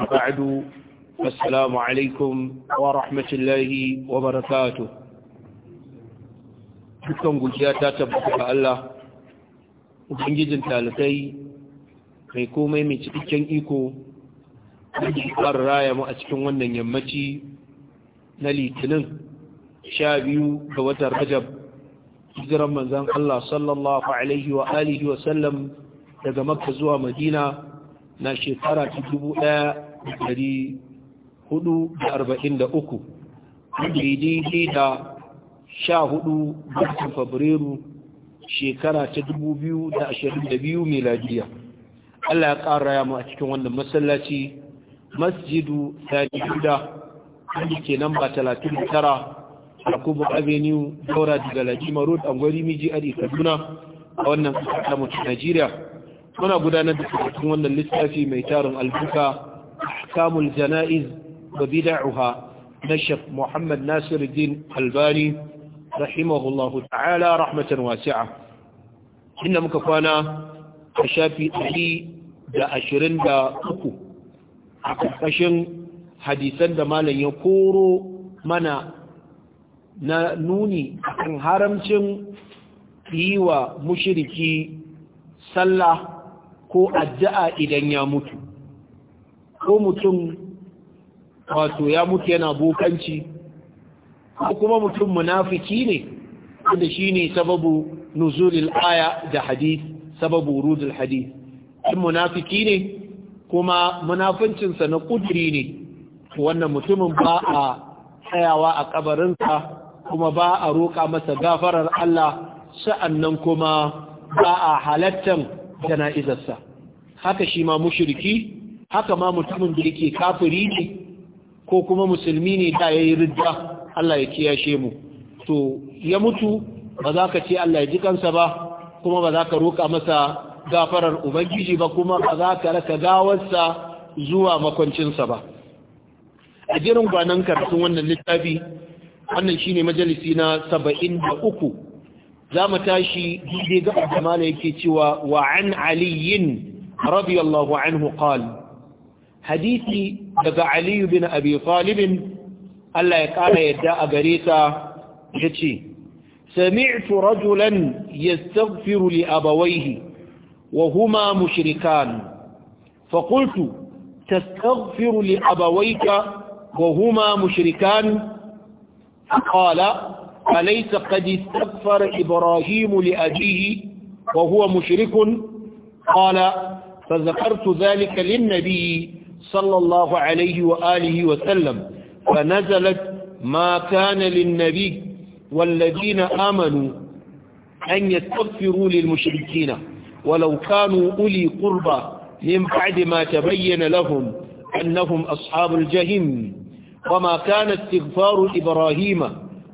بعد السلام عليكم ورحمة الله وبركاته dukkan gujiya ta tabbata ga Allah ubangijin talatai kai komai mai cikakken iko wanda ya raya mu a cikin wannan yammaci na litinin sha biyu ga watan rajab hijiran manzan Allah sallallahu alaihi wa alihi wa sallam daga makka zuwa madina na shekara ta dubu ɗaya dari da daidai sha hudu fabrairu shekara ta dubu biyu da ashirin da biyu miladiya Allah ya ƙara ya mu a cikin wannan masallaci masjidu sani guda wanda ke nan ba talatin da tara yakubu avenue daura daga lajima road angwari miji a kaduna a wannan kasa ta mutu najeriya muna gudanar da cikin wannan littafi mai tarin albuka أحكام الجنائز وبدعها نشف محمد ناصر الدين الباني رحمه الله تعالى رحمة واسعة إن مكفانا أشافي أهلي دا أشرين دا أكو أكفشن حديثا دا مالا يقورو mana na nuni kan haramcin yi wa mushiriki sallah ko addu'a idan ya mutu ko mutum wato ya mutu yana bokanci ko kuma mutum munafiki ne wanda ne sababu nuzulil aya da hadith sababu wurudul hadith in munafiki ne kuma munafincinsa na kudiri ne wannan mutumin ba a tsayawa a kabarinsa kuma ba a roƙa masa gafarar Allah sa'annan kuma ba a halattan jana'izarsa haka shi ma mushriki haka ma mutumin da yake kafiri ne ko kuma musulmi ne da ya yi ridda Allah ya kiyashe mu to ya mutu ba za ka ce Allah ya ji kansa ba kuma ba za ka roka masa gafarar ubangiji ba kuma ba za ka raka gawarsa zuwa makwancinsa ba a jirin gwanan karatun wannan littafi wannan shine majalisi na saba'in da uku za mu tashi daidai ga abdamala yake cewa wa an aliyin radiyallahu anhu qala hadisi daga aliyu bin abi talibin Allah ya kara yadda a gare ta ya ce sami'tu rajulan ya tsaffiru li abawaihi wa huma mushrikan fakultu ta tsaffiru li abawaika wa huma mushrikan kala alaisa kadi tsaffar ibrahimu li ajihi wa huwa mushrikun kala fa zakartu zalika lin nabiyi صلى الله عليه وآله وسلم فنزلت ما كان للنبي والذين آمنوا أن يستغفروا للمشركين ولو كانوا أولي قربى من بعد ما تبين لهم أنهم أصحاب الجهيم وما كان استغفار إبراهيم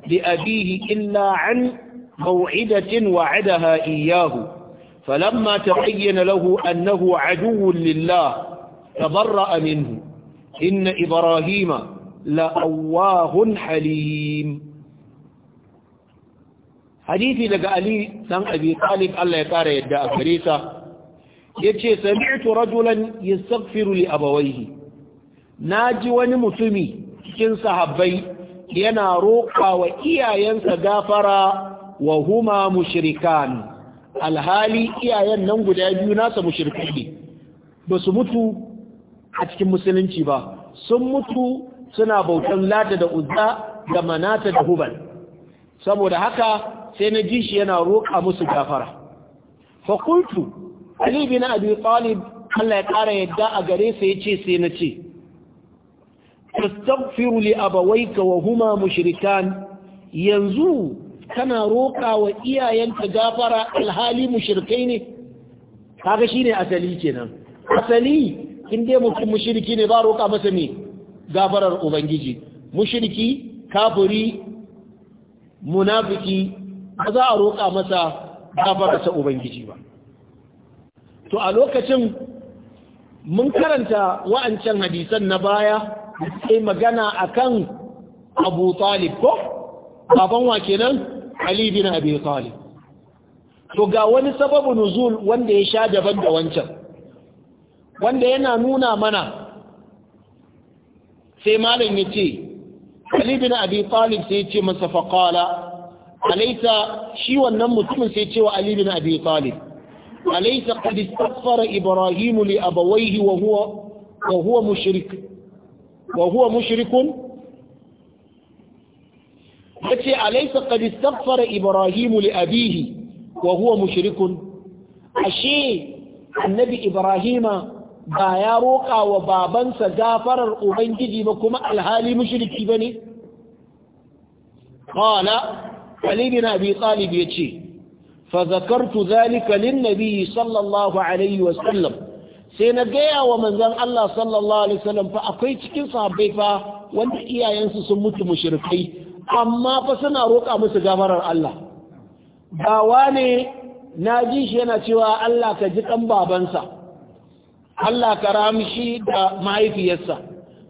لأبيه إلا عن موعدة وعدها إياه فلما تبين له أنه عدو لله tabarra'a minhu inna ibrahima la'awahun halim hadisi daga ali dan abi talib Allah ya kara yadda a gare sa yace sami'tu rajulan yastaghfiru li abawayhi naji wani mutumi cikin sahabbai yana roƙa wa iyayensa gafara wa huma mushrikan alhali iyayen nan guda biyu nasa mushrikai ne ba su mutu a cikin musulunci ba sun mutu suna bautan Lata da uzza da manata da hubal saboda haka sai na ji shi yana roƙa musu gafara fa qultu ali bin abi talib Allah ya ƙara yadda a gare sa yace sai na ce tastaghfiru li abawayka wa huma mushrikan yanzu kana roƙa wa iyayenka gafara alhali mushrikai ne kaga shine asali kenan asali in dai mutum mushriki ne ba roƙa masa ne gafarar ubangiji mushriki kafiri munafiki ba za a roƙa masa gafararsa ubangiji ba to a lokacin mun karanta wa'ancan hadisan na baya sai magana akan abu talib ko baban wa kenan ali bin abi talib to ga wani sababu nuzul wanda ya sha daban da wancan wanda yana nuna mana sai malam ya ce Ali bin Abi Talib sai ce masa faqala alaysa shi wannan mutumin sai ya ce wa Ali bin Abi Talib alaysa qad istaghfara Ibrahim li abawayhi wa huwa wa huwa mushrik wa huwa mushrikun yace alaysa qad istaghfara Ibrahim li abihi wa huwa mushrikun ashe annabi Ibrahima ba ya roƙa wa babansa gafarar ubangiji ba kuma alhali mushriki bane qala ali bin abi talib yace fa zakartu zalika lin nabi sallallahu alaihi wa sallam sai na gaya wa manzon Allah sallallahu alaihi wasallam fa akwai cikin sahabbai fa wanda iyayensu sun mutu mushrikai amma fa suna roƙa musu gafarar Allah ba wane na ji shi yana cewa Allah ka ji ɗan babansa Allah ka ramshi da mahaifiyarsa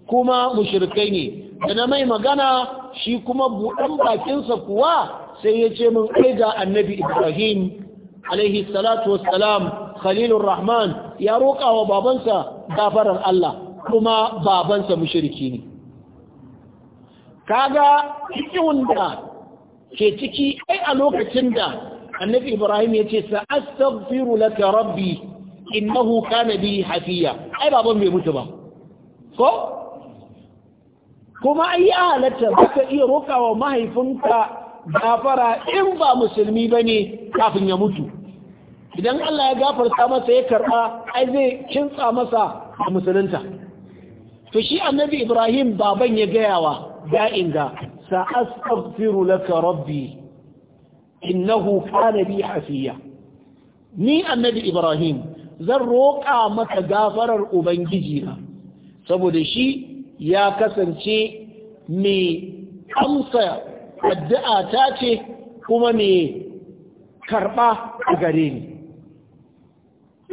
kuma mushrikai ne da na mai magana shi kuma buɗan bakinsa kuwa sai ya ce min kai ga annabi Ibrahim alaihi salatu wassalam khalilur rahman ya roƙa wa babansa gafarar Allah kuma babansa mushriki ne kaga cikin da ke ciki ai a lokacin da annabi Ibrahim ya ce sa astaghfiru laka rabbi innahu kana bi hafiya ai baban bai mutu ba ko kuma ai ya halatta baka iya rokawa mahaifinka gafara in ba musulmi bane kafin ya mutu idan Allah ya gafarta masa ya karba ai zai kintsa masa a musulunta to shi annabi Ibrahim baban ya gayawa da'in ga sa'astaghfiru laka rabbi innahu kana bi hafiya ni annabi Ibrahim zan roƙa maka gafarar ubangiji na saboda shi ya kasance mai amsa addu'a ta ce kuma mai karɓa a gare ni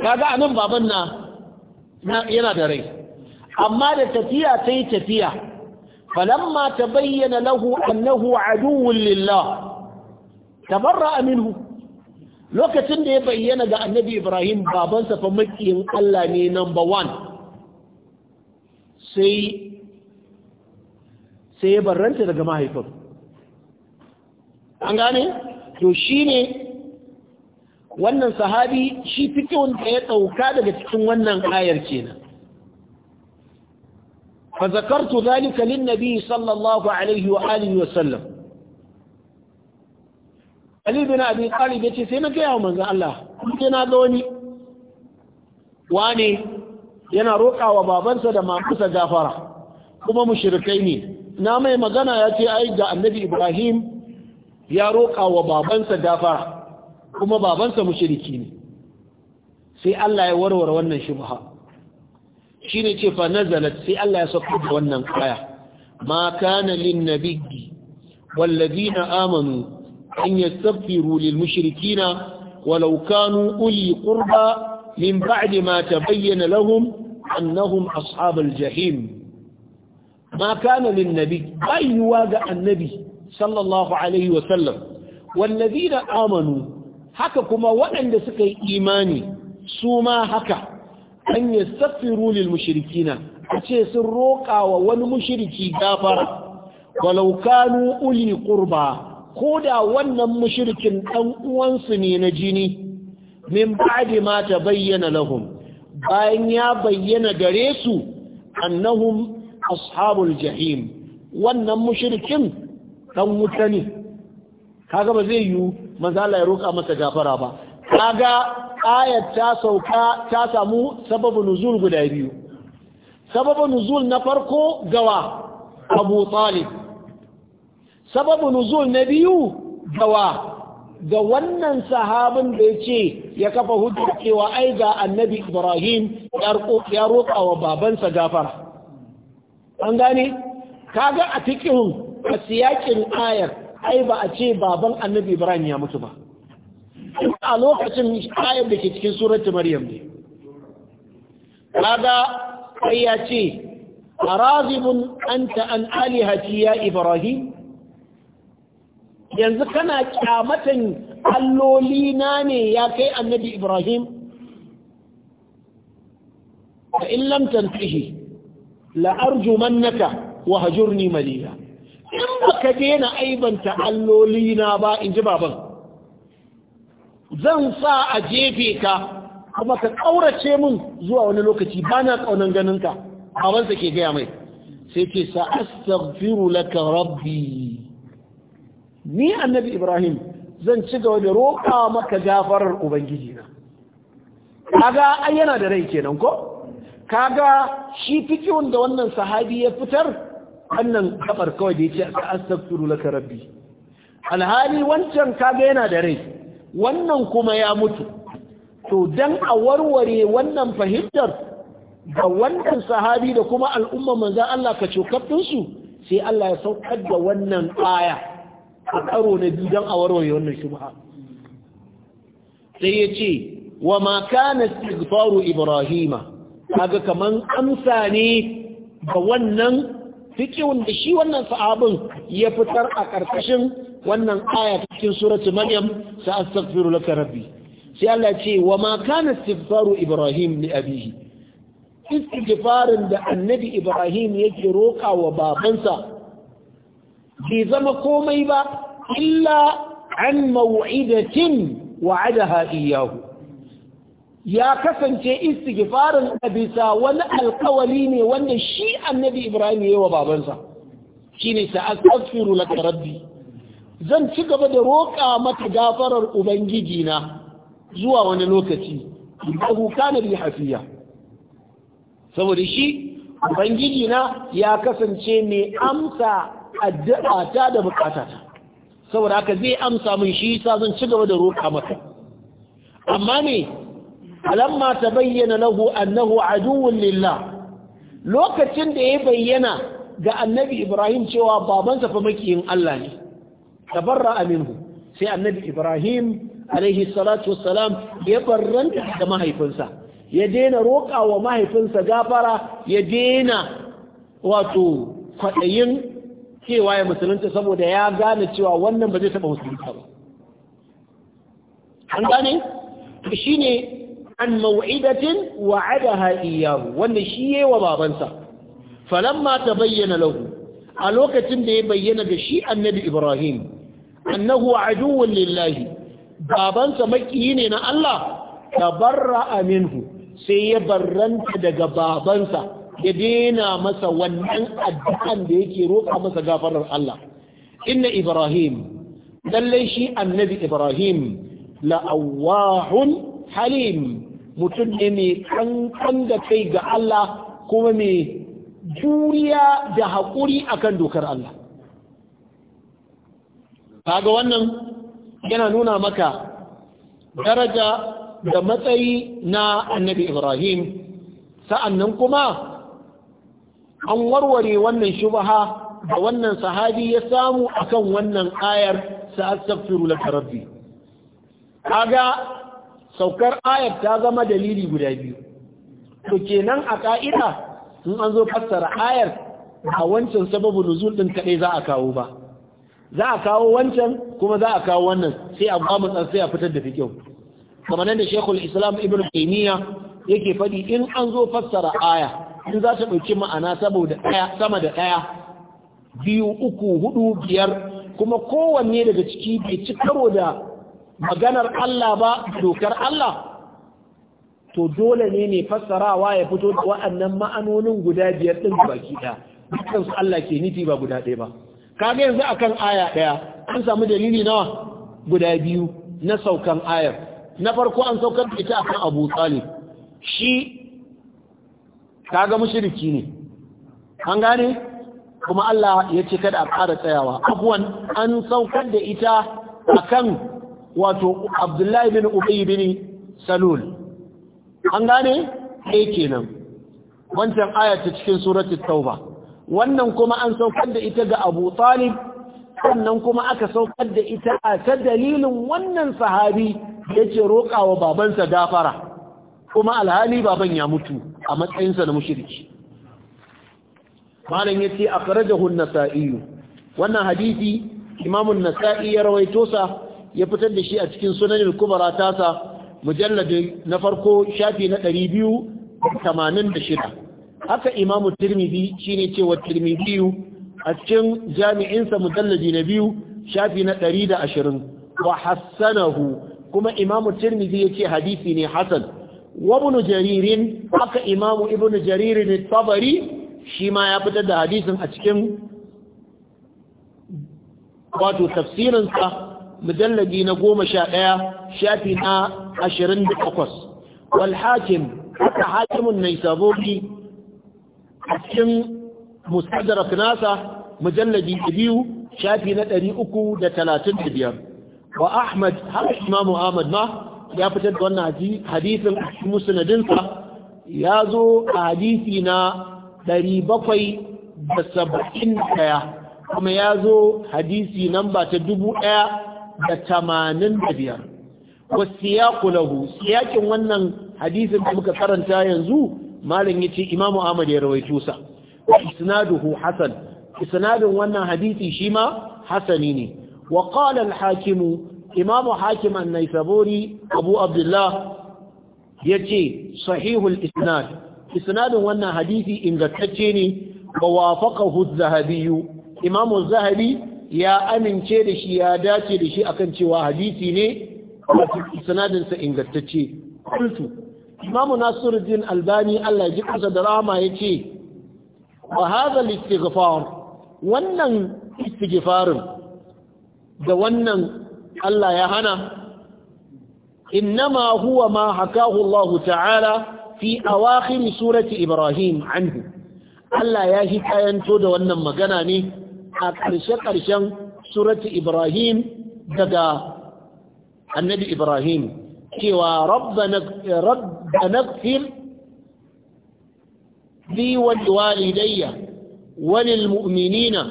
kaga anan baban na yana da rai amma da tafiya ta yi tafiya falamma ta bayyana lahu annahu aduwwun lillah barra Aminu. lokacin da ya bayyana ga annabi ibrahim babansa fa makiyin allah ne number one sai sai ya barranta daga mahaifin an gane to shi ne wannan sahabi shi fikon da ya ɗauka daga cikin wannan ayar zalika lin nabi sallallahu alaihi wa alihi wa sallam. Ali bin Abi Talib ce sai na gaya wa manzon Allah sai na ga wani Wani yana roƙawa babansa da mamansa gafara kuma mushrikai ne na mai magana ya ce ai ga annabi Ibrahim ya roƙawa babansa gafara kuma babansa mushriki ne sai Allah ya warware wannan shubha shine ce fa nazalat sai Allah ya sauko da wannan aya ma kana lin nabiyyi wal ladina amanu أن يستغفروا للمشركين ولو كانوا أولي قربى من بعد ما تبين لهم أنهم أصحاب الجحيم ما كان للنبي أي واقع النبي صلى الله عليه وسلم والذين آمنوا حككم وأن لسك إيماني سوما حكا أن يستغفروا للمشركين أشي سروقا وون كافر ولو كانوا أولي قربى ko da wannan mushirkin ɗan uwansu ne na jini min ba'di ma bayyana lahum bayan ya bayyana gare su annahum ashabul jahim wannan mushirkin ɗan wuta ne kaga ba zai yiwu mazala ya roƙa masa gafara ba kaga ayat ta sauka ta samu sababu nuzul guda biyu sababu nuzul na farko gawa Abu Talib sababu nuzul na biyu gawa ga wannan sahabin da ya ce ya kafa hujjar cewa ai ga annabi ibrahim ya roƙa wa babansa gafara an gane kaga a cikin a siyakin ayar ai ba a ce baban annabi ibrahim ya mutu ba a lokacin ayar da ke cikin suratu maryam ne kaga sai ya ce a razibin ta an alihati ya ibrahim yanzu kana kyamatan alloli na ne ya kai annabi ibrahim A in lam tantahi la arjumannaka wa hajurni maliya in baka daina aibanta alloli na ba in ji baban zan sa a jefe ka kuma ka kaurace min zuwa wani lokaci bana kaunan ganin ka babansa ke gaya mai sai ce sa astaghfiru laka rabbi ni annabi ibrahim zan ci gaba da roƙa maka gafarar ubangiji na kaga ai yana da rai kenan ko kaga shi fikihun da wannan sahabi ya fitar wannan kafar kawai da yace astaghfiru laka rabbi alhali wancan kaga yana da rai wannan kuma ya mutu to dan a warware wannan fahimtar ga wannan sahabi da kuma al'umma manzon Allah ka cokaftin sai Allah ya saukar da wannan aya a karo na biyu don a warware wannan shubha sai ya ce wa ma kana istighfaru ibrahima kaga kaman amsa ne ga wannan fikirin da shi wannan sahabin ya fitar a ƙarƙashin wannan aya cikin suratu maryam sa astaghfiru laka rabbi sai Allah ce wa ma kana istighfaru ibrahim li abihi istighfarin da annabi ibrahim yake roka wa babansa bai zama komai ba illa an maw'idatin wa'adaha iyahu ya kasance istighfarin a bisa wani alkawali ne wanda shi annabi ibrahim ya yi wa babansa shine sa'astaghfiru laka rabbi zan ci gaba da roƙa maka gafarar ubangiji na zuwa wani lokaci innahu kana bi hafiya saboda shi ubangiji na ya kasance mai amsa addu'a ta da bukatata saboda haka zai amsa min shi yasa zan ci gaba da roƙa maka amma ne alamma ta bayyana lahu annahu aduwwun lillah lokacin da ya bayyana ga annabi Ibrahim cewa babansa fa makiyin Allah ne tabarra minhu sai annabi Ibrahim alaihi salatu wassalam ya barranta da mahaifinsa ya daina roƙa wa mahaifinsa gafara ya daina wato kwaɗayin cewa ya musulunta saboda ya gane cewa wannan ba zai taɓa musulunta ba an gane shi ne an mawu'idatin wa'adaha iyahu wannan shi yi wa babansa falamma ta bayyana lahu a lokacin da ya bayyana ga shi annabi ibrahim annahu aduwwun lillahi babansa makiyi ne na Allah Tabarra minhu sai ya barranta daga babansa ya dena masa wannan addu'an da yake roƙa masa gafarar Allah inna ibrahim lallai shi annabi ibrahim la'awahun halim mutum ne mai kankan da kai ga Allah kuma mai juriya da haƙuri akan dokar Allah kaga wannan yana nuna maka daraja da matsayi na annabi ibrahim sa'annan kuma an warware wannan shubaha da wannan sahabi ya samu akan wannan ayar sa'astaghfiru laka rabbi kaga saukar ayar ta zama dalili guda biyu to kenan a ka'ida in an zo fassara ayar a wancan sababu nuzul din kadai za a kawo ba za a kawo wancan kuma za a kawo wannan sai a ba sai a fitar da fikihu kamar nan da Sheikhul Islam Ibn Taymiyyah yake fadi in an zo fassara aya in za ta ɗauki ma'ana saboda sama da ɗaya biyu uku hudu biyar kuma kowanne daga ciki bai ci karo da maganar Allah ba dokar Allah to dole ne ne fassarawa ya fito da wa'annan ma'anonin guda biyar ɗin baki ɗaya dukkan su Allah ke nufi ba guda ɗaya ba kaga yanzu akan aya ɗaya an samu dalili nawa guda biyu na saukan ayar na farko an saukar da ita akan Abu Talib shi kaga mushriki ne an gane kuma Allah ya ce kada a ƙara tsayawa abuwan an saukar da ita akan wato Abdullahi bin Ubay bin Salul an gane eh kenan wancan aya ta cikin suratul tauba wannan kuma an saukar da ita ga Abu Talib sannan kuma aka saukar da ita a ta dalilin wannan sahabi yace yake roƙawa babansa gafara kuma alhali baban ya mutu a matsayinsa na mushirki malam yace akhrajahu an-nasa'i wannan hadisi imamu an-nasa'i ya rawaito sa ya fitar da shi a cikin sunan al-kubra sa mujallad na farko shafi na 286 haka imamu tirmidhi shine cewa tirmidhi a cikin jami'in sa mujalladi na biyu shafi na 120 wa hassanahu kuma imamu tirmidhi yace hadisi ne hasan jaririn وابن جرير حكى إمام ابن جرير الطبري شما يبدأ حديث أتكم wato tafsirinsa mujalladi na goma sha ɗaya shafi na ashirin da takwas haka hakimin mai sabobi a cikin mustadrak nasa mujalladi da biyu shafi na ɗari uku da talatin da biyar wa ahmad haka imamu ahmad ma ya fitar da wannan hadisin a musnadinsa ya zo a hadisi na da ɗaya. kuma ya zo hadisi namba ta dubu ɗaya da 1085 wasiyaqu lahu siyakin wannan hadisin da muka karanta yanzu malam ce Imam Ahmad ya rawaito sa isnaduhu hasan isnadin wannan hadisi shi ma hasani ne wa qala al-hakimu imamu hakiman nai sabori abu abdullah ya ce sahihul isnad isnadin wannan hadisi ingantacce ne ba wafaqahu zahabiyu imamu zahabi ya amince da shi ya dace da shi akan cewa hadisi ne sanadinsa ingantacce kultu imamu nasiruddin albami Allah ya ji kansa da rama yace wa hadha al-istighfar wannan istighfarin da wannan Allah ya hana innama huwa ma hakahu Allah ta'ala fi awakhir surati Ibrahim anhu Allah ya shi kayanto da wannan magana ne a ƙarshe-ƙarshen surati Ibrahim daga annabi Ibrahim cewa rabbana gfir li wal walidayya wal mu'minina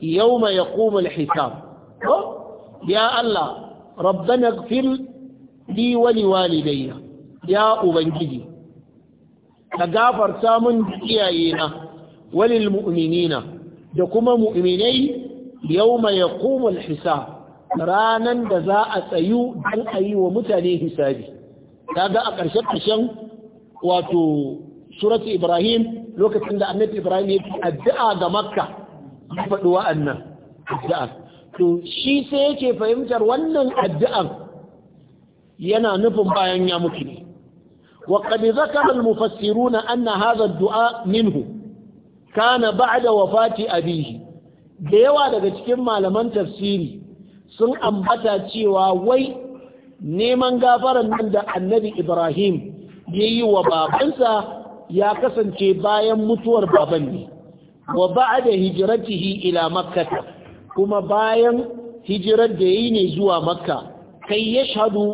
yawma yaqumul hisab ya Allah rabbana fil li wa liwalidayya ya ubangiji ka gafarta mun iyayena walil mu'minina da kuma mu'minai yawma yaqumu al-hisab ranan da za a tsayu don a yi wa mutane hisabi kaga a ƙarshe ƙarshen wato suratu ibrahim lokacin da annabi ibrahim ya addu'a ga makka ya faɗi wa'annan addu'a to shi sai yake fahimtar wannan addu'ar yana nufin bayan ya mutu ne wa qad zakara al na anna hadha dua minhu kana ba'da wafati abihi da yawa daga cikin malaman tafsiri sun ambata cewa wai neman gafaran nan da annabi Ibrahim yayi wa babansa ya kasance bayan mutuwar baban ne wa ba'da hijiratihi ila makkata. kuma bayan hijirar da yi ne zuwa makka kai ya shahadu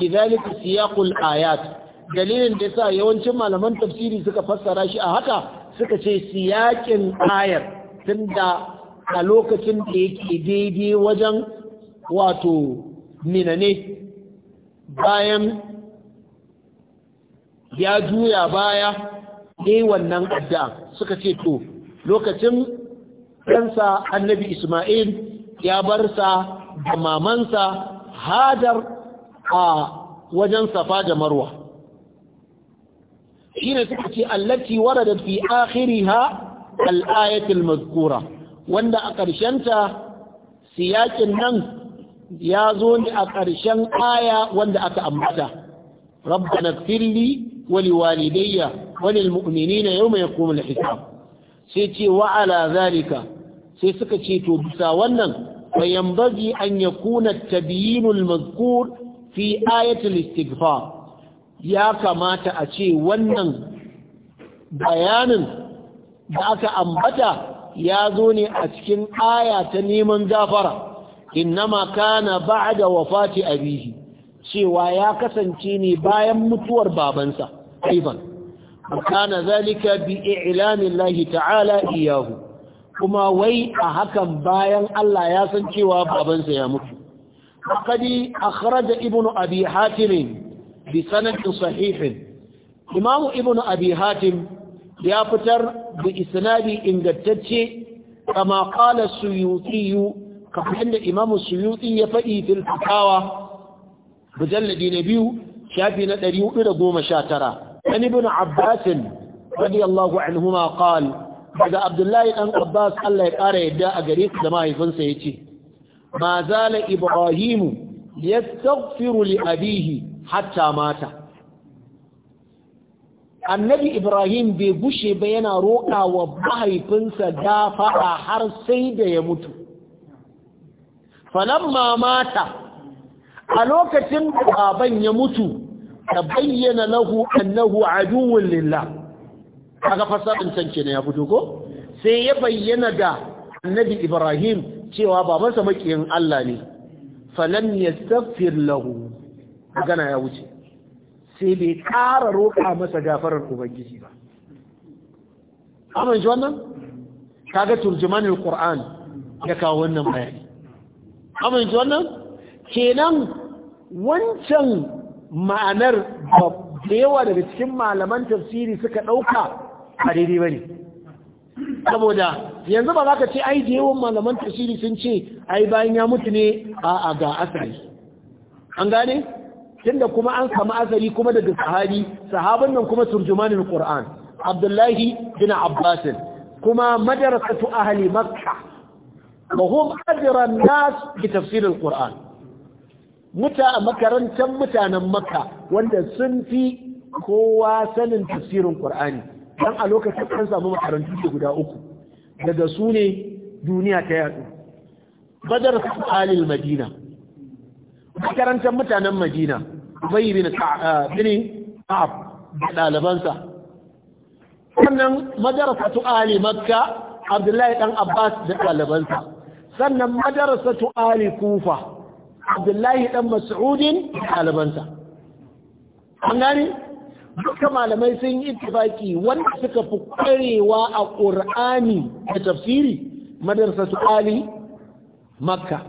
da zalika siyaqul ayat dalilin da sa yawancin malaman tafsiri suka fassara shi a haka suka ce siyakin ayar tunda a lokacin da yake daidai wajen wato minane bayan ya juya baya ne wannan adda suka ce to lokacin ɗansa annabi Ismail ya bar sa da mamansa hadar a wajen safa da marwa shi ne suka ce allati da fi akhiriha ha ayatul mazkura wanda a ƙarshenta siyakin nan ya zo ne a ƙarshen aya wanda aka ambata rabbana firli walidayya wani wa na mu'minina ya yaqumul hisab sai ce wa zalika sai suka ce to bisa wannan bayan yanbaghi an yakuna tabyinul mazkur fi ayatul istighfar ya kamata a ce wannan bayanin da aka ambata ya zo ne a cikin aya ta neman gafara innama kana ba'da wafati abihi cewa ya kasance ne bayan mutuwar babansa aiban kana zalika bi i'lanillahi ta'ala iyahu kuma wai a hakan bayan Allah ya san cewa babansa ya mutu faqadi akhraja Ibnu abi hatim bi sanadin sahihin. imamu Ibnu abi hatim ya fitar da isnadi ingantacce kama qala suyuti kamar da imamu suyuti ya faɗi fil fatawa mujalladi na biyu shafi na 419 an ibn abbas radiyallahu anhuma qala daga abdullahi ɗan abbas Allah ya ƙara yadda a gare su da mahaifinsa ya ce ma zala ibrahimu ya li abihi hatta mata annabi ibrahim bai gushe ba yana roƙa wa mahaifinsa a har sai da ya mutu ma mata a lokacin baban ya mutu ta bayyana lahu annahu aduwwun lillah kaga fasarin can kenan ya fito ko sai ya bayyana da annabi Ibrahim cewa babansa makiyin Allah ne falam yastaghfir lahu magana ya wuce sai bai ƙara roƙa masa gafarar ubangiji ba amince wannan kaga turjumanul Qur'an ya kawo wannan bayani amince wannan kenan wancan ma'anar da yawa daga cikin malaman tafsiri suka ɗauka a daidai ba ne saboda yanzu ba za ka ce ai da yawan malaman tafsiri sun ce ai bayan ya mutu ne a ga asali an gane tunda kuma an samu asali kuma daga sahabi sahaban nan kuma turjumanin qur'an abdullahi bin abbas kuma madrasatu ahli makka wa hum ajra nas bi tafsir alquran muta makarantan mutanen makka wanda sun fi kowa sanin tafsirin qur'ani dan a lokacin an samu makarantu guda uku daga su ne duniya ta yadu badar alil madina makarantar mutanen madina bai bin ah, bini ka'ab da ɗalibansa sannan madarasatu ali makka abdullahi dan abbas da ɗalibansa sannan madarasatu ali kufa abdullahi dan mas'udin da ɗalibansa an gani duka malamai sun yi itifaki wanda suka fi kwarewa a ƙur'ani da tafsiri madarsa su ƙali makka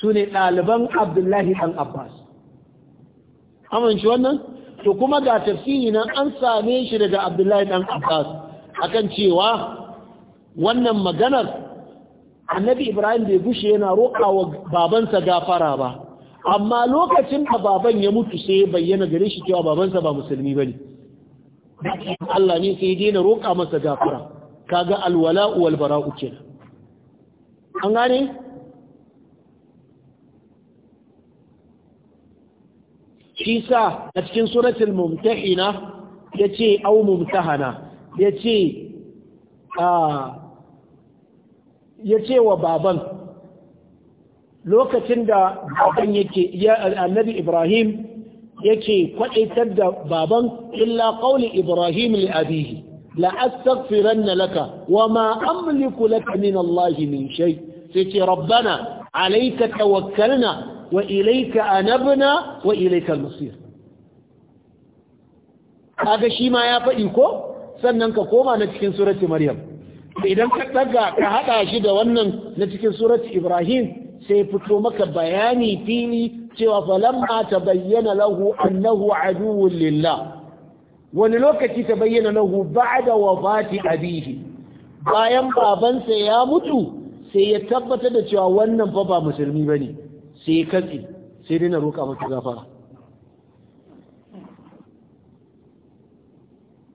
su ne ɗaliban abdullahi ɗan abbas amince wannan to kuma ga tafsiri nan an same shi daga abdullahi ɗan abbas akan cewa wannan maganar annabi ibrahim bai gushe yana roƙa wa babansa gafara ba amma lokacin da baban ya mutu sai ya bayyana gare shi cewa babansa ba musulmi ba ne Allah ne sai ya daina roƙa masa gafara kaga alwala'u wal bara'u kenan an gane shi sa a cikin suratul mumtahina yace au mumtahana yace a ah, yace wa baban lokacin da baban yake annabi ibrahim yake kwadaitar da baban illa qauli ibrahim li abihi la astaghfiranna laka wama amliku laka min allah min shay sai rabbana alayka tawakkalna wa ilayka anabna wa ilayka al kaga shi ma ya faɗi ko sannan ka koma na cikin surati maryam idan ka daga ka hada shi da wannan na cikin surati ibrahim sai fito maka bayani fili cewa falamma ta bayyana lahu annahu aduwwun lillah wani lokaci ta bayyana lahu ba'da wafati abihi bayan babansa ya mutu sai ya tabbatar da cewa wannan fa ba musulmi bane sai ya katse sai dai na roƙa masa gafara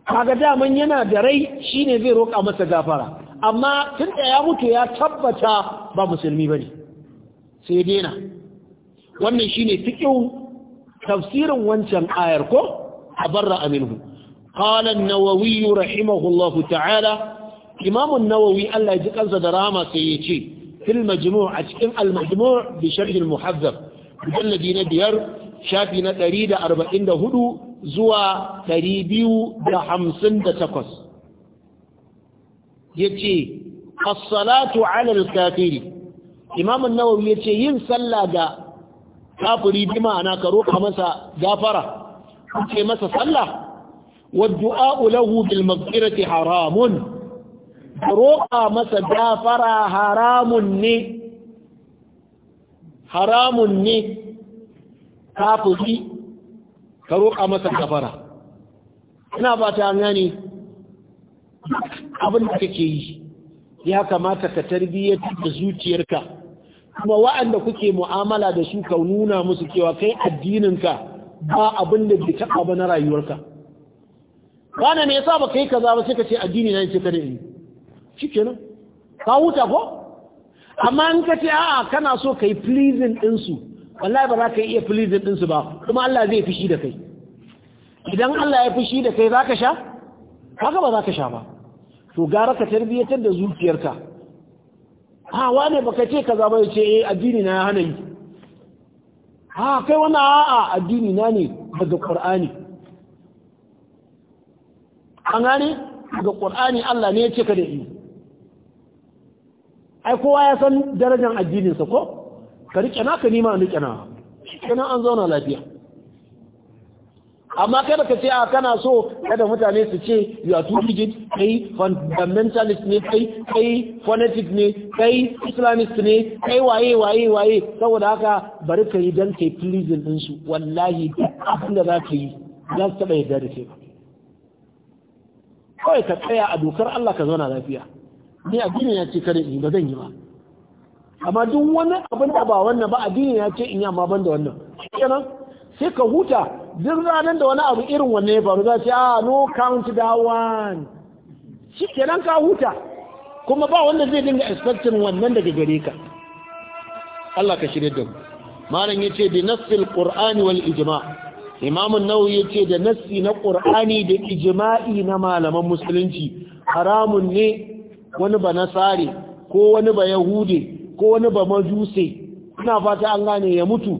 kaga daman yana da rai shine zai roƙa masa gafara amma tun da ya mutu ya tabbata ba musulmi bane sai dena wannan shine fiqhu tafsirin wancan ayar ko abarra minhu qala an-nawawi rahimahullahu ta'ala imam an-nawawi Allah ya ji kansa da rama sai yace fil majmu' a cikin al-majmu' bi sharh al-muhazzab mujalladi na biyar shafi na 144 zuwa 258 yace as-salatu 'ala al-kafiri imam nawawi ya ce yin sallah ga kafiri bi ma'ana ka roƙa masa gafara ce masa sallah والدعاء له بالمغفرة roƙa masa gafara haramun ne haramun ne kafuri ka roƙa masa gafara. ina ba fata gani abin da kake yi ya kamata ka tarbiyyar da zuciyarka kuma wa'anda kuke mu'amala da su ka nuna musu cewa kai addininka ba abin da bai taɓa ba na rayuwarka kana me yasa ba kai kaza ba sai ka ce addini na ce ni Cike nan. ka huta ko amma in ka ce a'a kana so kai pleasing din su wallahi ba za ka iya pleasing din su ba kuma Allah zai fushi da kai idan Allah ya fushi da kai za sha haka ba za ka sha ba to gara ka tarbiyyatar da zuciyarka ha wane baka ce kaza ba yace eh addini na ya hana yi ha kai wannan a addini na ne daga qur'ani an gane daga qur'ani Allah ne ya ce ka da yi ai kowa ya san darajar addinin sa ko ka rike naka nima rike na kana an zauna lafiya amma kada ka ce a ah, kana so kada mutane su ce you are too rigid kai fundamentalist ne kai kai fanatic ne kai islamist ne kai waye waye waye saboda haka bari ka yi dan kai pleasing din su wallahi abin da za ka yi za su taba yadda da ba. kawai ka tsaya a dokar Allah ka zauna lafiya ni gini ya ce kada in ba zan yi ba amma duk wani abin da ba wannan ba gini ya ce in yi amma ban da wannan kenan sai ka huta duk ranar da wani abu irin wanne ya faru za ce a ah, no count that one shi kenan ka huta kuma ba wanda zai dinga expecting wannan daga gare ka Allah ka shirye da mu malam yace da nasil qur'ani wal ijma' imam an-nawawi yace da nassi na qur'ani da ijma'i na malaman musulunci haramun ne wani ba nasari ko wani ba yahude ko wani ba majuse ina fata an gane ya mutu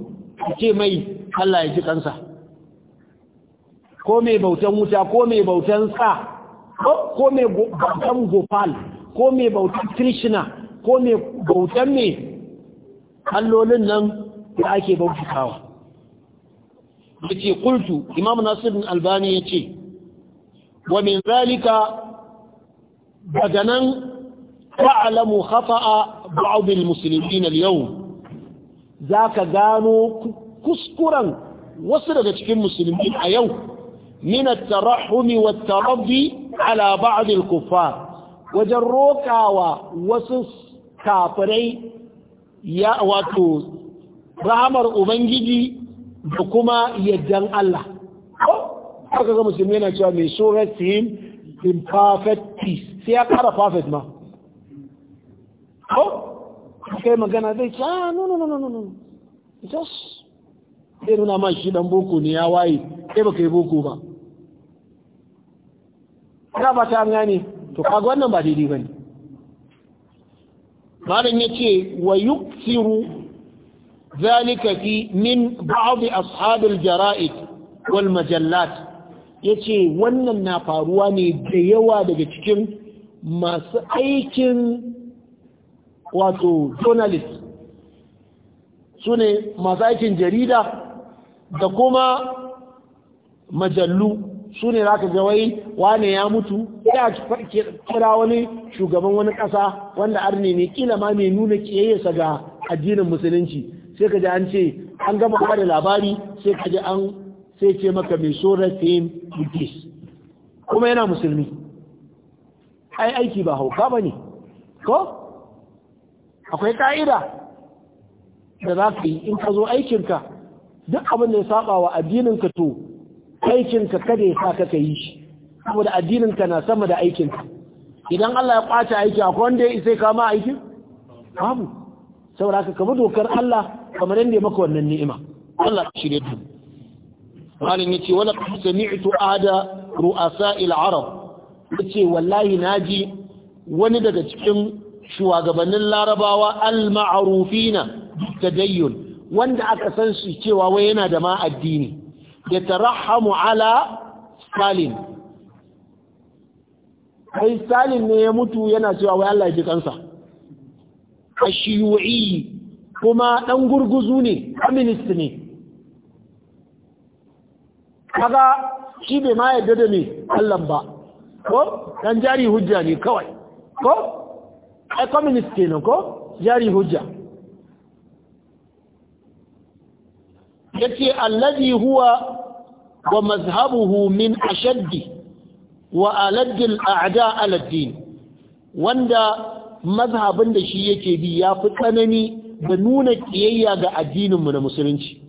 ce mai Allah ya ji kansa ko mai bautan wuta ko mai bautan sa ko mai bautan gopal ko mai bautan krishna ko mai bautan mai kallolin nan da ake bautatawa yace kultu imam nasir bin albani ce, wa min zalika daga nan fa'alamu khata'a ba'ubin musulmi na al Za ka gano kuskuren wasu daga cikin musulmi a yau min at-tarahumi wat-taraddi ala ba'd al-kuffar wajen rokawa wasu kafirai ya wato rahamar ubangiji da kuma yaddan Allah haka ga musulmi yana cewa mai so rest him in perfect peace sai ya kara perfect ma ko kai magana zai ce ah no no no no no just sai nuna ma shi dan boko ne ya waye sai baka yi boko ba ina ba ta gane to kaga wannan ba daidai bane malam yace wa yuksiru zalika fi min ba'd ashab al-jara'id wal majallat yace wannan na faruwa ne da yawa daga cikin masu aikin wato journalist su ne masu aikin jarida da kuma majallu su ne za ka gawai wane ya mutu ya kira wani shugaban wani ƙasa wanda arne ne kila ma mai nuna kiyayyarsa ga addinin musulunci sai ka ji an ce an gama da labari sai ka ji an sai ce maka mai sorar fahim buddhist kuma yana musulmi ai aiki ba hauka ba ne ko akwai ka'ida da za ka yi in ka zo aikinka duk abin da ya saba wa addinin ka to aikinka kada ya saka ka yi shi saboda addinin ka na sama da aikin ka idan Allah ya kwace aiki akwai wanda ya isa kama aikin babu saboda ka kama dokar Allah kamar yadda ya maka wannan ni'ima Allah ya shirye ta ne yace wala sami'tu ada ru'asa'il arab yace wallahi naji wani daga cikin shugabannin larabawa al-ma'rufina tadayyun wanda aka san shi cewa wai yana da ma addini ya tarahamu ala stalin kai stalin ne ya mutu yana cewa wai Allah ya ji kansa ashiyu'i kuma dan gurguzu ne communist ne kaga shi bai ma yadda da me Allah ba ko dan jari hujja ne kawai ko ai communist ne, ko jari hujja yace allazi huwa wa mazhabuhu min ashaddi wa a'ada al'addin, wanda mazhabin da shi yake bi ya fi tsanani da nuna kiyayya ga addininmu na musulunci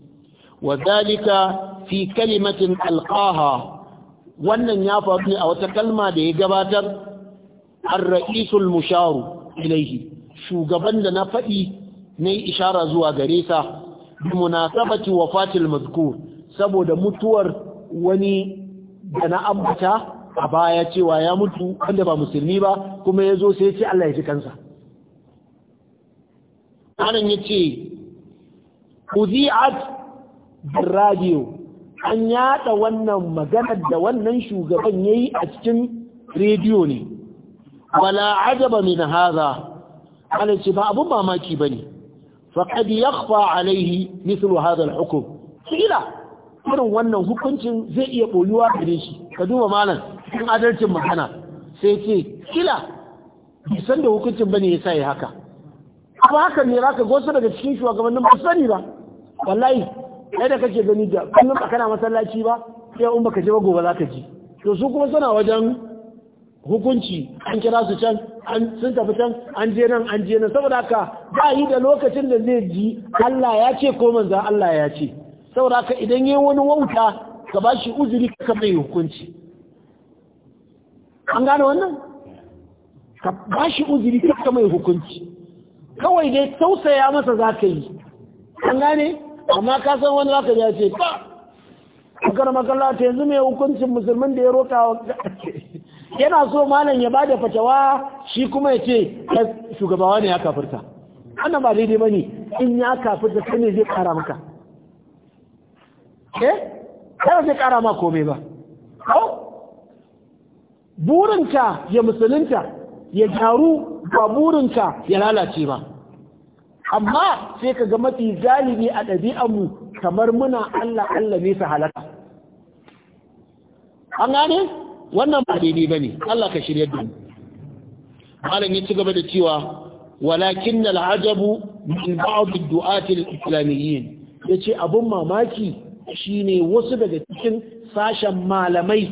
wa zalika fi kalimatin alqaha wannan ya faru ne a wata kalma da ya gabatar ar-ra'isul musharu ilayhi shugaban da na faɗi yi ishara zuwa gare sa bi munasabati wafatil mazkur saboda mutuwar wani da na ambata a baya cewa ya mutu wanda ba musulmi ba kuma ya zo sai ya ce Allah ya ji kansa anan yace ce bin radio an yada wannan maganar da wannan shugaban yayi a cikin rediyo ne wala ajaba min haza ana ce ba abun mamaki bane فقد يخفى عليه مثل هذا الحكم kila irin wannan hukuncin zai iya boyuwa gare shi ka duba malam adalcin magana sai ce kila san da hukuncin bane ya sa ya haka ba haka ne zaka gosa daga cikin shugabannin ba sani ba wallahi kai da kake gani da kullum kana masallaci ba sai in baka je ba gobe zaka ji to su kuma suna wajen hukunci an kira su can an sun tafi can an je nan an je nan saboda haka ba yi da lokacin da zai ji Allah ya ce ko manzo Allah ya ce saboda haka idan yayin wani wauta ka ba shi uzuri ka mai hukunci an gane wannan ka ba shi uzuri ka mai hukunci kawai dai tausaya masa za ka yi an gane amma ka san wani za ka ce ba a karamakan lati yanzu mai hukuncin musulmin da ya roƙa wa yana so malam ya bada fatawa shi kuma ya ce shugabawa ne ya kafirta annan ba daidai ba in ya kafirta sai ne zai kara maka eh sai zai kara maka komai ba burinka ya musulunta ya gyaru ba burinka ya lalace ba amma sai ka ga mafi galibi a ɗabi'anmu kamar muna Allah Allah ne sa halaka an gane wannan ba daidai bane Allah ka shirya da mu malam ya ci gaba da cewa walakin al'ajabu min ba'd ad-du'at al-islamiyyin yace abun mamaki shine wasu daga cikin sashen malamai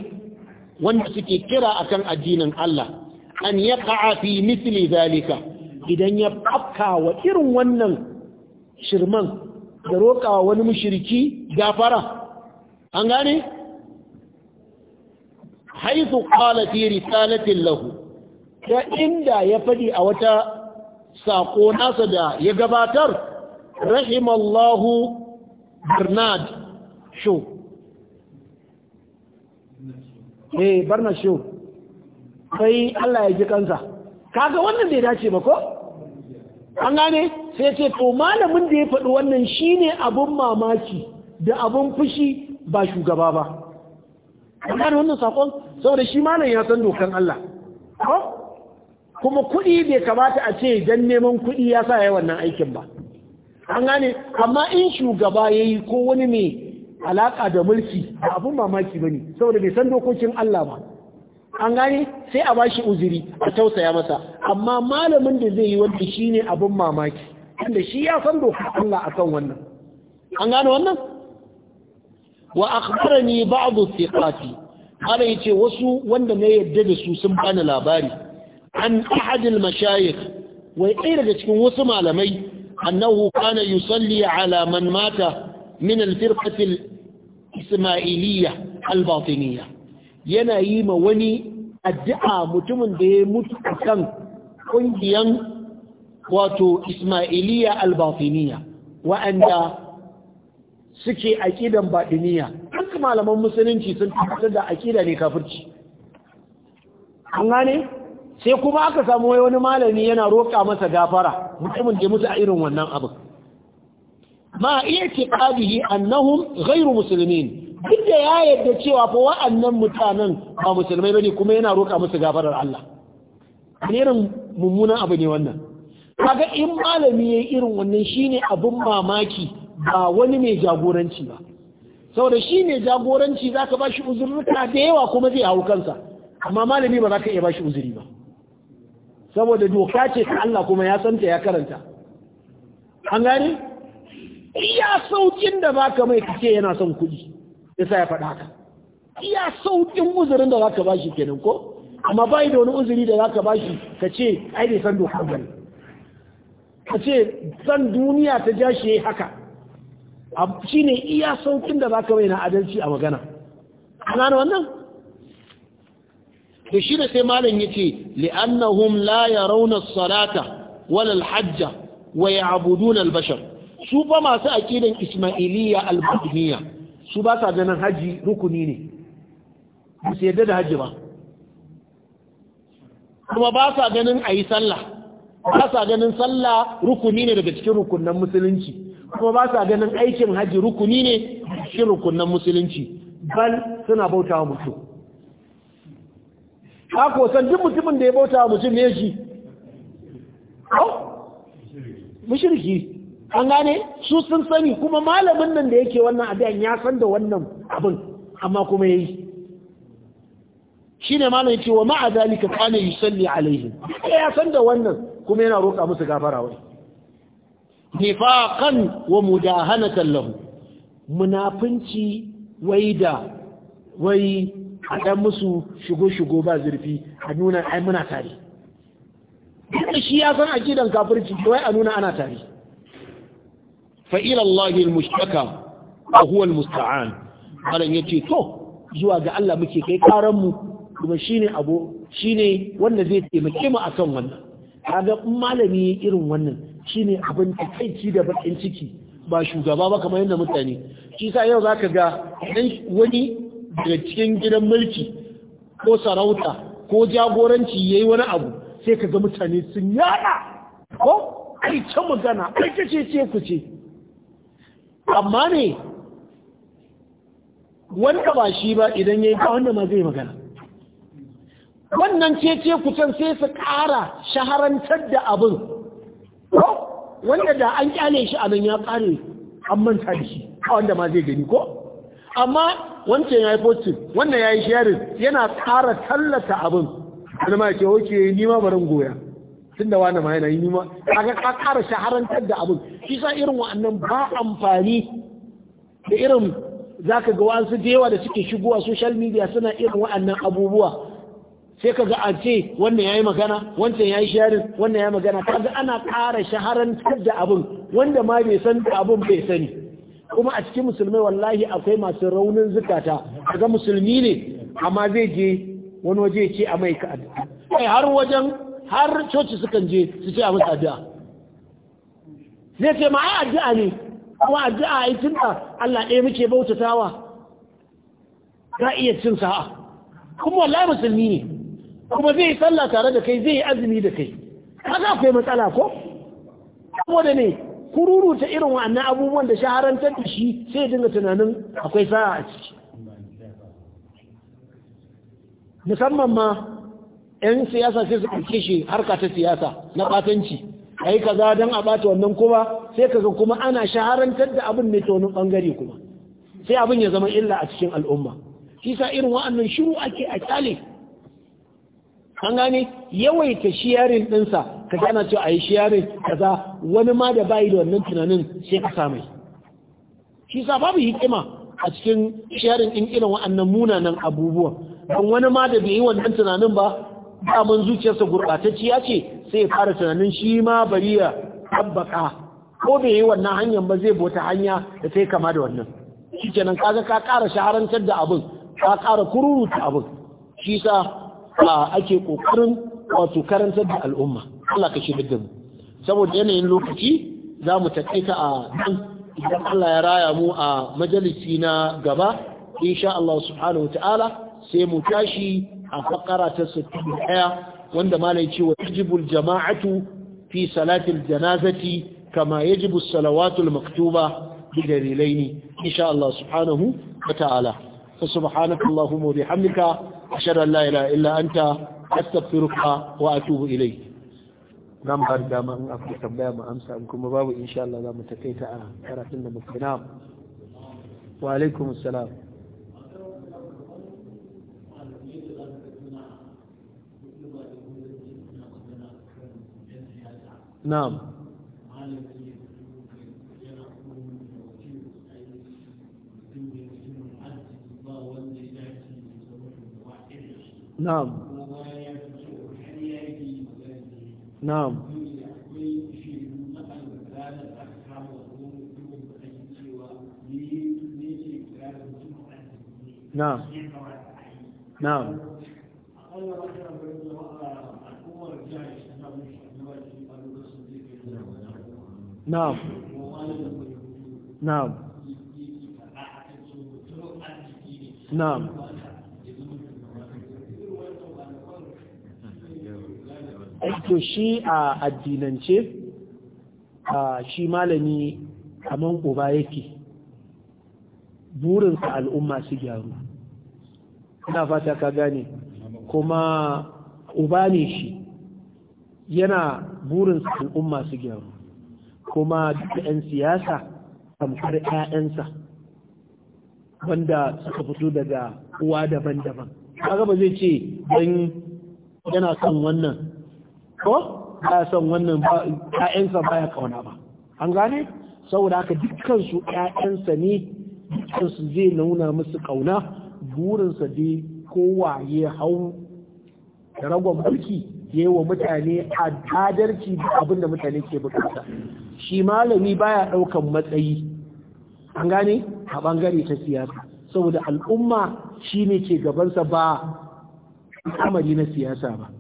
wanda suke kira akan addinin Allah an yaqa fi mithli zalika idan ya afka wa irin wannan shirman da roƙawa wani mushriki gafara an gane haithu qala fi risalatin lahu ta inda ya fadi a wata sako nasa da ya gabatar rahimallahu bernard show eh bernard show sai Allah ya ji kansa kaga wannan bai dace ba ko an gane sai ce to malamin da ya faɗi wannan shine abun mamaki da abun fushi ba shugaba ba an wannan sakon saboda shi malam ya san dokan Allah kuma kuɗi bai kamata a ce dan neman kuɗi ya sa ya wannan aikin ba an gane amma in shugaba ya yi ko wani mai alaƙa da mulki da abin mamaki ba ne saboda bai san dokokin Allah ba an gane sai a ba shi uziri, a tausaya masa amma malamin da zai yi wanda shi ne abin mamaki wanda shi ya san dokar Allah akan wannan an gane wannan wa akhbarani ba'd thiqati ana ce wasu wanda na yadda da su sun bani labari an ahadil mashayik, wai ɗaya daga cikin wasu malamai annahu kana yusalli ala man mata min Isma'iliya al-isma'iliyya al yana yi ma wani addu'a mutumin da ya mutu kan kungiyan wato isma'iliyya al wa'anda suke aqidan batiniya duk malaman musulunci sun tabbatar da akida ne kafirci an gane sai kuma aka samu wani malami yana roƙa masa gafara mutumin da mutu a irin wannan abin ma iya ce ƙabihi annahum ghairu musulmin duk da ya yadda cewa fa wa'annan mutanen ba musulmai bane kuma yana roƙa musu gafarar Allah irin mummunan abu ne wannan kaga in malami yayi irin wannan shine abun mamaki ba wani mai jagoranci ba saboda shi ne jagoranci za ka ba shi uzurruka da yawa kuma zai hau kansa amma malami ba za ka iya ba shi uzuri ba saboda doka ce ta Allah kuma ya santa ya karanta an gani iya saukin da ba ka mai kake yana son kuɗi sa ya faɗa haka iya saukin uzurin da za ka ba shi kenan ko amma ba da wani uzuri da za ka ba shi ka ce ai bai san doka ba ne ka ce san duniya ta ja shi haka shi ne iya saukin da za ka mai na adalci a magana ana wannan da shi da sai malam ya ce li'annahum la yarawna salata wala hajja wa ya'buduna al-bashar su fa masu aqidan ismailiyya al su ba sa ganin haji rukuni ne ba su yadda da haji ba kuma ba sa ganin ayi sallah ba sa ganin sallah rukuni ne daga cikin rukunan musulunci kuma ba sa ganin aikin haji rukuni ne shi rukunan musulunci bal suna bauta wa mutum ko san duk mutumin da ya bauta wa mutum ne shi mushriki an gane su sun sani kuma malamin nan da yake wannan abin ya san da wannan abin amma kuma yayi shine malamin ce wa ma'a zalika kana yusalli alaihim ya san da wannan kuma yana roƙa musu gafara wai nifaqan wa mudahanatan lahu munafinci wai da wai a ɗan musu shigo-shigo ba zurfi a nuna ai muna tare duk shi ya san akidan kafirci wai a nuna ana tare fa ila Allah al-mushtaka wa huwa al-musta'an to zuwa ga Allah muke kai karan mu kuma shine abu wanda zai taimake mu akan wannan kaga malami irin wannan ne abin takaici da bakin ciki ba shugaba ba kamar yadda mutane shi sa yau ka ga wani daga cikin gidan mulki ko sarauta ko jagoranci ya yi wani abu sai ka ga mutane sun yada ko ai can magana ai ta ce ce ku ce amma ne wanda ba shi ba idan ya yi ba wanda ma zai magana wannan ce ce ku can sai su ƙara shaharantar da abin wanda da an kyale shi abin ya kare an manta da shi a wanda ma zai gani ko amma wancan ya yi postin wanda ya yi sharing yana tsara tallata abin wani ma ke oke ni ma barin goya tun da wani ma yana yi ni ma ga ka kara shaharantar da abin shi sa irin wa'annan ba amfani da irin zaka ga wasu da yawa da suke shigowa social media suna irin wa'annan abubuwa sai kaga a ce wannan yayi magana wancan yayi sharin wannan yayi magana kaga ana ƙara shaharantar da abin wanda ma bai san abin bai sani kuma a cikin musulmai wallahi akwai masu raunin zukata kaga musulmi ne amma zai je wani waje ce a mai ka'ada kai har wajen har coci sukan je su ce a masa addu'a zai ce ma ai addu'a ne kuma addu'a ai tunda Allah ɗaya muke bautatawa ka iya cin sa'a kuma wallahi musulmi ne kuma zai yi sallah tare da kai zai yi azumi da kai za ku yi matsala ko saboda ne kururu ta irin wa'annan abubuwan da shaharantar da shi sai dinga tunanin akwai sa'a a ciki musamman ma 'yan siyasa sai su ɗauke shi harka ta siyasa na ɓatanci a yi kaza don a ɓata wannan kuma sai kaga kuma ana shaharantar da abin ne ta wani ɓangare kuma sai abin ya zama illa a cikin al'umma shi sa irin wa'annan shiru ake a kyale an gane yawaita shiyarin ɗinsa ka gana cewa a yi shiyarin kaza wani ma da bayi da wannan tunanin sai ka samai shi sa babu hikima a cikin shiyarin ɗin irin wa'annan munanan abubuwa don wani ma da bai yi wannan tunanin ba daman zuciyarsa gurbatacciya ce sai ya fara tunanin shi ma bari ya tabbaka ko bai yi wannan hanyar ba zai bota hanya da sai kama da wannan shi kenan kaga ka kara shaharantar da abin ka ƙara kururuta abin shi sa a ake kokarin wato karantar da al'umma Allah ka shirya da mu saboda yanayin lokaci za mu ka a nan idan Allah ya raya mu a majalisi na gaba insha Allah subhanahu wa ta'ala sai mu tashi a fakara ta 61 wanda malai ce wa tajibul jama'atu fi salatil janazati kama yajibu salawatul maktuba bi dalilaini insha Allah subhanahu wa ta'ala ashhadu an la ilaha illa anta astaghfiruka wa atubu ilayk nan bar dama in akwai tambaya mu amsa in kuma babu insha Allah za mu takaita a karatun da muke na wa alaikum assalam na'am Na. na'am na'am na'am na'am na'am na'am to shi a addinance a shi malami kaman uba yake burinsa al'umma su gyaru ina fata ka gane kuma uba ne shi yana burinsa al'umma su gyaru kuma duka 'yan siyasa tamkar 'ya'yansa wanda suka fito daga uwa daban-daban kaga ba zai ce don yana kan wannan ko ba son wannan ƴaƴansa ya ƙauna ba an gane saboda haka dukkansu su ƴaƴansa ne dukkan zai nuna musu ƙauna burinsa dai kowa ya hau da ragon mulki ya yi wa mutane a da abin da mutane ke bukata shi malami ba ya ɗaukan matsayi an gane a bangare ta siyasa saboda al'umma shi ne ke gabansa ba kamari na siyasa ba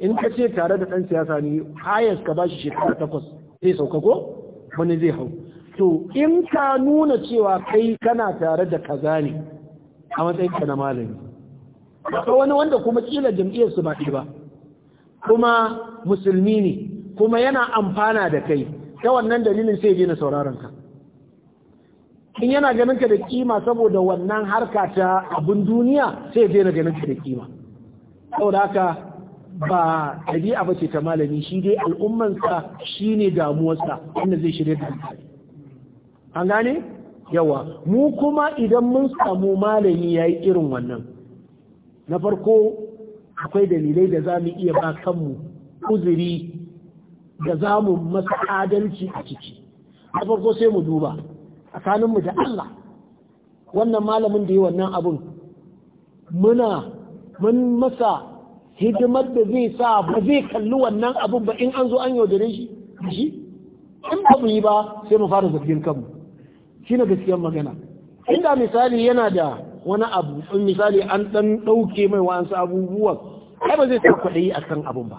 in ka ce tare da ɗan siyasa ne hayas ka bashi shekara takwas zai sauka ko wani zai hau to in ka nuna cewa kai kana tare da kaza ne a matsayin ka na malami ba wani wanda kuma kila jam'iyyar su ba ba kuma musulmi ne kuma yana amfana da kai ta wannan dalilin sai je na sauraron ka in yana ganin ka da kima saboda wannan harka ta abin duniya sai je na ganin ka da kima saboda haka ba ɗabi'a ba ce ta malami shi dai al'ummansa shi ne damuwarsa wanda zai shirya da an gane yawa mu kuma idan mun samu malami ya yi irin wannan na farko akwai dalilai da za mu iya ba kanmu uzuri da za mu masa adalci a ciki na farko sai mu duba tsakaninmu da Allah wannan malamin da yi wannan abin muna mun masa hidimar da zai sa ba zai kalli wannan abun ba in an zo an yaudare shi shi in ba mu yi ba sai mu fara zafin kanmu shi na gaskiyar magana inda misali yana da wani abu in misali an dan ɗauke mai wa'ansu abubuwan ai ba zai sa yi a kan abun ba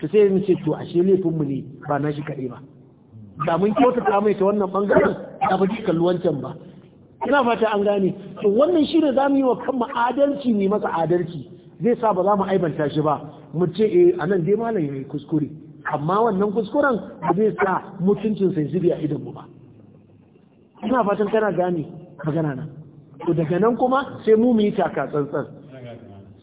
to sai yin ce to ashe laifinmu ne ba na shi kaɗai ba da mun kyauta ta mai ta wannan bangaren da ba ji kalli wancan ba ina fata an gane to wannan shi ne za mu yi wa kanmu adalci ne masa adalci zai sa ba za mu aibanta shi ba mu ce eh anan dai malam yayi kuskure amma wannan kuskuren ba zai sa mutuncin sai zubi a idan mu ba ina fatan kana gane magana na to daga nan kuma sai mu mu yi taka tsantsan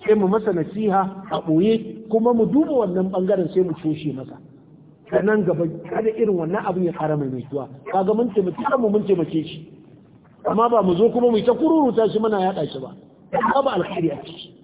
sai mu masa nasiha a ɓoye kuma mu duba wannan bangaren sai mu toshe masa sannan gaba kada irin wannan abin ya fara mai mutuwa kaga mun taimake mu mun ce shi amma ba mu zo kuma mu ta kururuta shi muna yaɗa shi ba ba alkhairi a ciki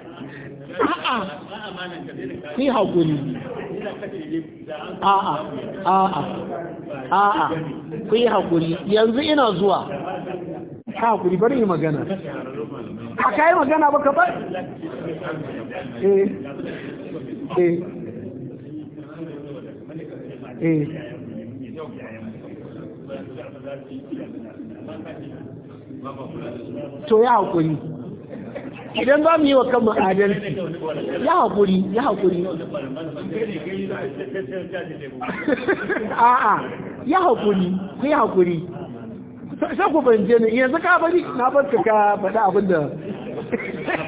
a'a sai hakuri a'a a'a a'a ku yi hakuri yanzu ina zuwa ka hakuri bari yi magana a ka yi magana ba ka bar eh eh eh to ya hakuri idan za mu yi wa kanmu adalci ya haƙuri ya haƙuri a'a ya haƙuri ku yi haƙuri sai ku banje ni yanzu ka bari na barka ka faɗi abin da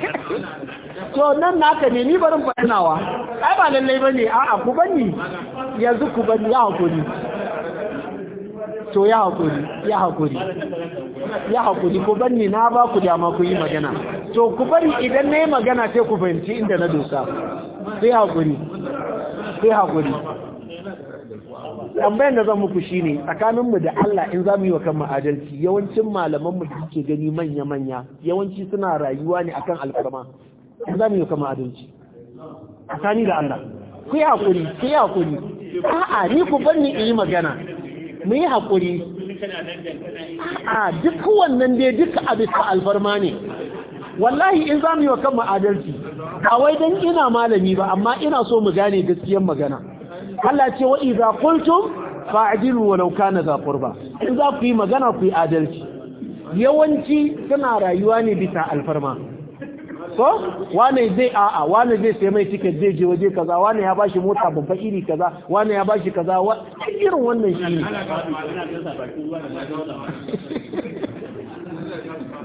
to nan naka ne ni barin faɗinawa ai ba lallai ba ne a'a ku bani yanzu ku bani ya haƙuri to ya haƙuri ya haƙuri ya haƙuri ku bani na ba ku dama ku yi magana to ku bari idan na yi magana sai ku fahimci inda na dosa sai haƙuri sai haƙuri tambayan da zan muku shi ne tsakaninmu da Allah in za mu yi wa kanmu adalci yawancin malamanmu da suke gani manya-manya yawanci suna rayuwa ne akan alfarma in za mu yi wa kanmu adalci tsakani da Allah ku yi haƙuri ku yi haƙuri a'a ni ku bar ni in yi magana mu yi haƙuri a'a duk wannan dai duka a alfarma ne wallahi in za mu yi wa kan adalci a wai dan ina malami ba amma ina so mu gane gaskiyar magana Allah ce wa idza qultum fa'dilu walau kana za qurba in za ku yi magana ku yi adalci yawanci suna rayuwa ne bisa alfarma ko wane zai a'a wane zai sai mai tiket zai je waje kaza wane ya bashi mota babba iri kaza wane ya bashi kaza irin wannan shi ne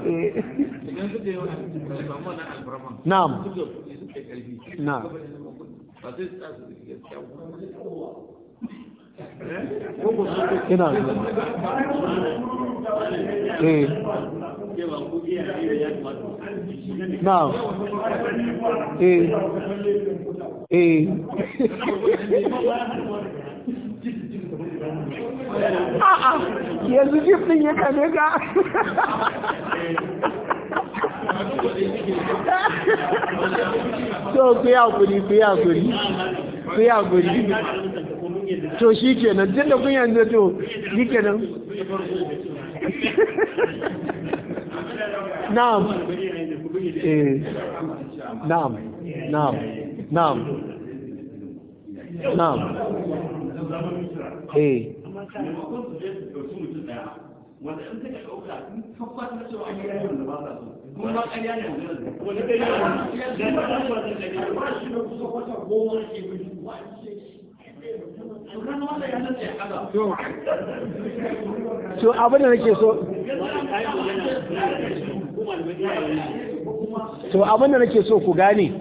Eh. na'am na'am ina eh na'am eh. Eh. a'a yanzu jif din ya kame ka to ku ya kuri ku ya guri ku ya to shi kenan tun da kun yanzu to shi kenan na'am eh na'am na'am na'am na'am eh maimakon su wanda in suka ɗauka tabbatar da ba sa so kuma da ba ke nake so ku gane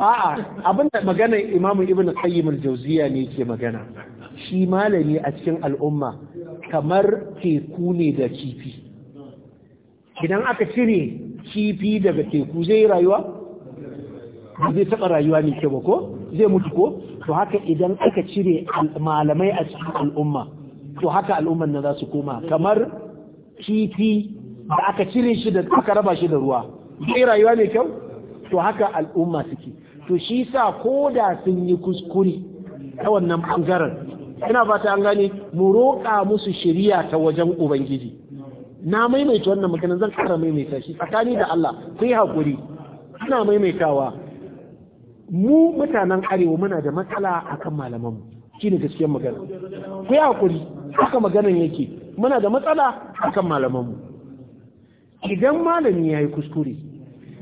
a'a abin da magana imamu ibn qayyim al-jawziya ne ke magana shi malami a cikin al'umma kamar teku ne da kifi idan aka cire kifi daga teku zai rayuwa zai taba rayuwa ne ke ko zai mutu ko to haka idan aka cire malamai a cikin al'umma to haka al'umman nan za su koma kamar kifi da aka cire shi da aka raba shi da ruwa zai rayuwa ne kyau to haka al'umma suke to shi sa ko da sun yi kuskure ta wannan bangaren ina fata an gane mu roƙa musu shiriya ta wajen ubangiji na maimaita wannan maganar zan ƙara maimaita shi tsakani da Allah ku yi haƙuri ina maimaitawa mu mutanen arewa muna da matsala akan malamanmu shine gaskiyar magana ku yi haƙuri haka maganar yake muna da matsala akan malamanmu idan malami ya yi kuskure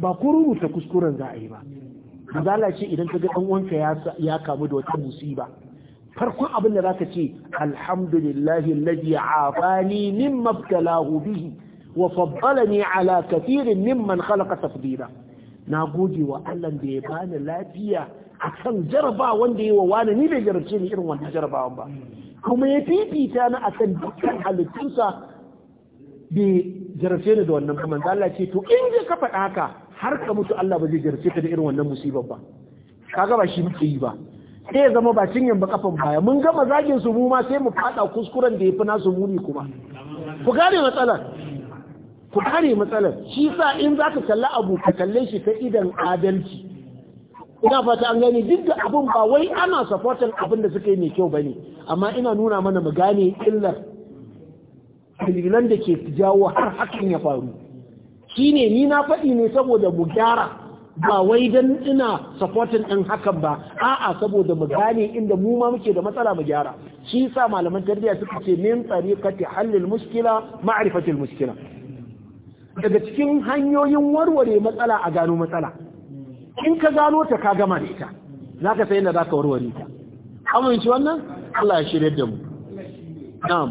ba ku rubuta kuskuren za a yi ba mazala ce idan ka ga ɗan wanka ya kamu da wata musiba farkon abin da zaka ce alhamdulillahi alladhi afani mimma ibtalahu bihi wa faddalani ala kathirin mimman khalaqa tafdila na gode wa Allah da ya bani lafiya akan jarba wanda yayi wani ni bai jarabce ni irin wannan jarabawan ba kuma ya fifita ni akan dukkan halittunsa bai jarabce ni da wannan kuma Allah ce to in ka faɗa haka har ka mutu Allah ba zai jarce ka da irin wannan musibar ba kaga ba shi muke yi ba sai ya zama ba cinyan ba kafan baya mun gama zagin su mu ma sai mu fada kuskuren da ya fi nasu muni kuma ku gane matsalar ku gane matsalar shi sa in zata kalli abu ka kalle shi ta idan adalci ina fata an gani duk da abin ba wai ana supporting abin da suka yi mai kyau bane amma ina nuna mana mu gane illar dalilan da ke jawo har hakan ya faru Shi ne ni na faɗi ne saboda mu gyara ba wai dan ina supporting ɗin hakan ba a'a saboda mu gane inda mu ma muke da matsala mu gyara shi yasa malaman tarbiyya suka ce min tariqati halil muskila ma'rifatil muskila daga cikin hanyoyin warware matsala a gano matsala in ka gano ta ka gama da ita za ka sayi da za ka warware ta amince wannan Allah ya shirya da mu na'am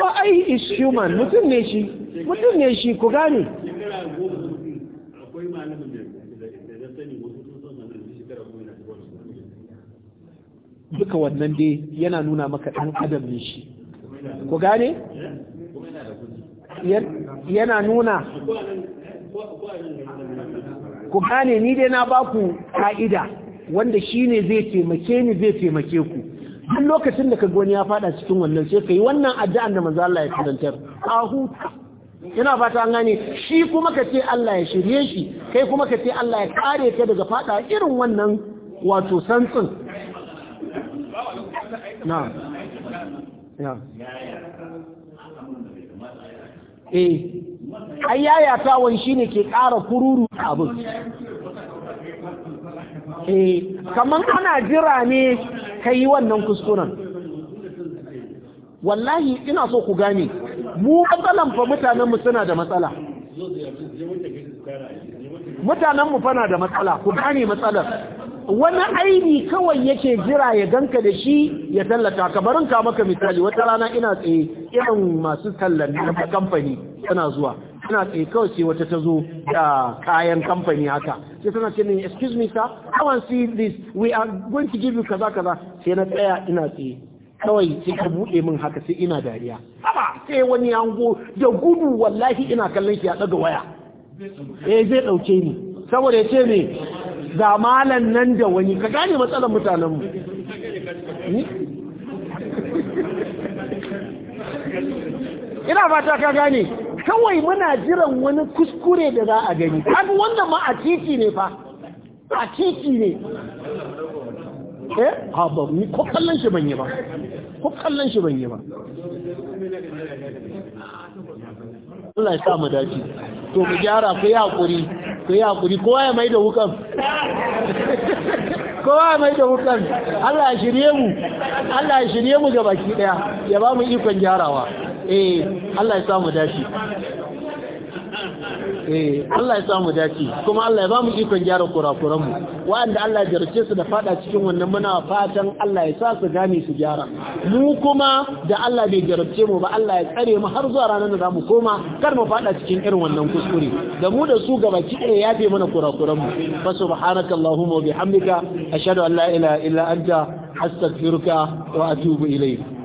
ko ai is human mutum ne shi mutum ne shi ku gane duka wannan dai yana nuna maka ɗan adam ne shi ku gane yana nuna ku gane ni dai na baku ka'ida wanda shi ne zai taimake ni zai taimake ku duk lokacin da ka wani ya fada cikin wannan sai ka yi wannan addu'an da manzo Allah ya karantar a huta ina fata an gane shi kuma ka ce Allah ya shirye shi kai kuma ka ce Allah ya kare ka daga fada irin wannan wato santsin na ya eh ai shine ke kara kururu abin eh kaman ana jira ne ka yi wannan kuskuren wallahi ina so ku gane mu matsalan fa mutanenmu suna da matsala mutanenmu fana da matsala ku gane matsalar wani aini kawai yake jira ya ganka da shi ya tallata ka barin ka maka misali wata rana ina tsaye irin masu tallan na kamfani tana zuwa ina tsaye kawai sai wata ta zo da kayan kamfani haka sai tana ce excuse me sir i want to see this we are going to give you kaza kaza sai na tsaya ina tsaye kawai sai ka buɗe min haka sai ina dariya amma sai wani yango da gudu wallahi ina kallon shi ya ɗaga waya eh zai ɗauke ni saboda ya ce ne ga malan nan da wani ka gane matsalar mutanenmu ina fata ka gane kawai muna jiran wani kuskure da za a gani abu wanda ma a titi ne fa a titi ne eh ha ba ni ko kallon shi ban yi ba ko kallon shi ban yi ba Allah ya sa mu dace to mu gyara ku yi hakuri ku yi hakuri kowa ya mai da wukan kowa mai da wukan Allah ya shirye mu Allah ya shirye mu ga baki daya ya ba mu ikon gyarawa eh Allah ya sa mu dace eh Allah ya samu dace kuma Allah ya ba mu ikon gyara kurakuran mu wanda Allah ya jarce su da fada cikin wannan muna fatan Allah ya sa su gane su gyara mu kuma da Allah bai jarabce mu ba Allah ya tsare mu har zuwa ranar da za mu koma kar mu fada cikin irin wannan kuskure da mu da su gaba ki ya yafe mana kurakuran mu fa allahumma wa bihamdika ashhadu an la ilaha illa anta astaghfiruka wa atubu ilayk